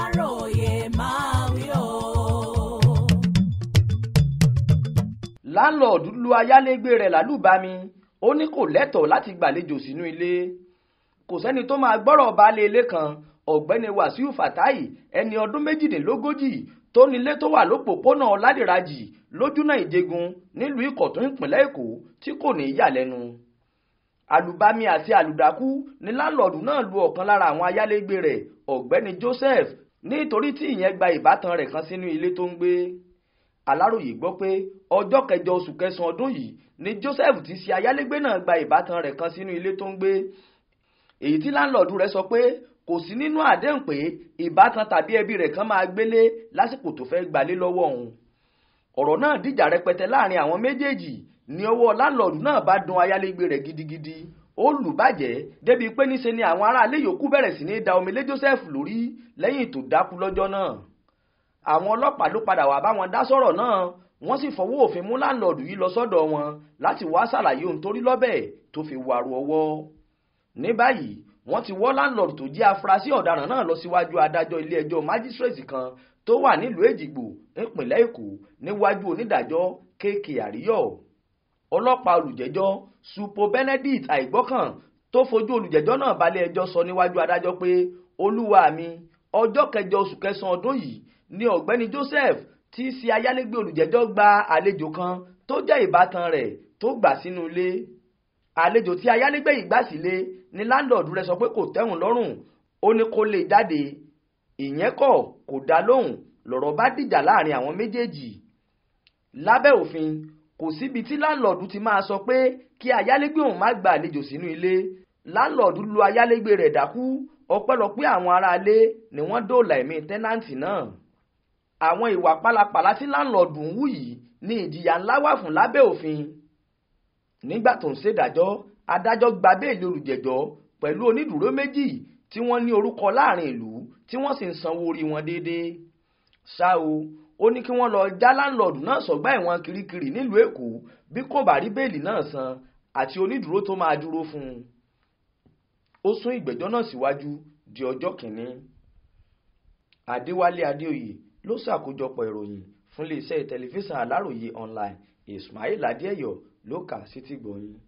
aláròye máa wí o. láńlọ́ọ̀dù lu ayálégbé rẹ̀ lálùbami ó ní kò lẹ́tọ̀ọ́ láti gbàlejò sínú ilé kò sẹ́ni tó máa gbọ́rọ̀ baálé ilé kan ọ̀gbẹ́ni wàsíù fatai ẹni ọdún méjìdínlógójì tó nílé tó wà lópòpónà ládìrajì lójúnà ìjẹgun nílùú ìkọ̀tún ìpínlẹ̀ èkó tí kò ní í yà lẹ́nu alùbami àti alùdákú ni láńlọ́ọ̀dù náà lu ọ̀kan lára àwọn ayálégbé rẹ̀ ọ̀gbẹ́ni joseph nítorí tí ìyẹn gba ìbátan rẹ̀ kan sínú ilé tó ń gbé aláròyé gbọ́ pé ọjọ́ kẹjọ oṣù kẹsàn-án ọdún yìí ni joseph ti ṣe ayálégbé náà gba ìbátan rẹ̀ kan sínú ilé tó ń gbé èyí tí láńlọ́ọ̀dù rẹ̀ sọ pé kò sí nínú àdéhùn pé ìbátan tàbí ẹbí rẹ̀ kan máa gbélé lásìkò tó fẹ́ gbalé lọ́wọ́ òun ọ̀rọ̀ náà dìjà rẹpẹtẹ láàrin àwọn méjèèjì ni ọwọ́ láńlọ́ọ̀dù náà bá dun ayálégbé rẹ̀ gidigidi ó lù bàjẹ́ débi pé níṣe ni àwọn aráalé yòókù bẹ̀rẹ̀ sí ní da omi Joseph lórí lẹ́yìn tó dákú lọ́jọ́ náà àwọn ọlọ́pàá ló padà wá bá wọn dá sọ̀rọ̀ náà wọ́n sì fọwọ́ òfin mú láńlọ́ọ̀dù yìí lọ sọ́dọ̀ wọn láti wá ṣàlàyé ohun torí lọ́bẹ̀ tó fi wàrú ọwọ́ ní báyìí wọ́n ti wọ́ láńlọ́ọ̀dù tó jẹ́ afurasí ọ̀daràn náà lọ síwájú adájọ́ ilé ẹjọ́ májísírèsì kan tó wà nílùú èjìgbò nípìnlẹ̀ èkó níwájú onídàájọ́ kéèké àríyọ̀ ọlọ́pàá olùjẹ́jọ́ Supo Benedict àìgbọ́kàn tó fojú olùjẹ́jọ́ náà balẹ̀-ẹjọ́ sọ níwájú adájọ́ pé olúwa mi ọjọ́ kẹjọ oṣù kẹsàn-án ọdún yìí ni ọ̀gbẹ́ni Joseph tí í ṣe ayálégbé olùjẹ́jọ́ gba àlejò kan tó jẹ́ ìbátan rẹ̀ tó gbà sínú ilé àlejò tí ayálégbé yìí gbà sílé ni láńdọ̀dù rẹ̀ sọ pé kò tẹ́hùn lọ́rùn ó ní kó lè jáde ìyẹn kọ̀ kò dá lóhùn lọ̀rọ̀ bá dìjà láàrin àwọn méjèèjì lábẹ́ òfin kò síbi tí láńlọ́ọ̀dù ti máa sọ pé kí ayálégbé òun má gba àlejò sínú ilé láńlọ́ọ̀dù lu ayálégbé rẹ̀ dákú ọpẹ́lọpẹ́ àwọn aráalé ni wọ́n dóòlà ẹ̀mí tẹ́náǹtì náà àwọn ìwà pálapàla tí láńlọ́ọ̀dù ń wù yìí ni ìjìyà ńlá wà fún lábẹ́ òfin nígbà tó ń ṣèdájọ́ adájọ́ gba béèlì olùjẹ́jọ́ pẹ̀lú onídùúró méjì tí wọ́n ní orúkọ láàrin ìlú tí wọ́n sì ń sanwó orí wọn déédéé ṣá o ó ní kí wọ́n lọ já láńlọ́ọ̀dù náà sọ́gbà ẹ̀wọ̀n kirikiri nílùú èkó bí kò bá rí bẹ́ẹ̀lì náà san àti onídùúró tó máa dúró fún un ó sún ìgbẹ́jọ́ náà síwájú di ọjọ́ kìíní adéwálé adéoyè ló ṣàkójọpọ̀ ìròyìn fún iléeṣẹ́ tẹlifíṣàn aláròye online ismail adéyọ ló kà á sétígbọ̀ọ́ yín